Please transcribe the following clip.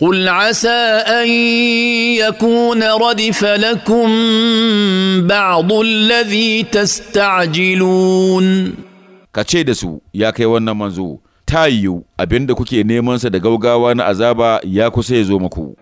قل عسى ان يكون ردف لكم بعض الذي تستعجلون kace da su ya kai wannan manzo ta yiwu abinda kuke nemansa da gaugawa na azaba ya kusa ya zo muku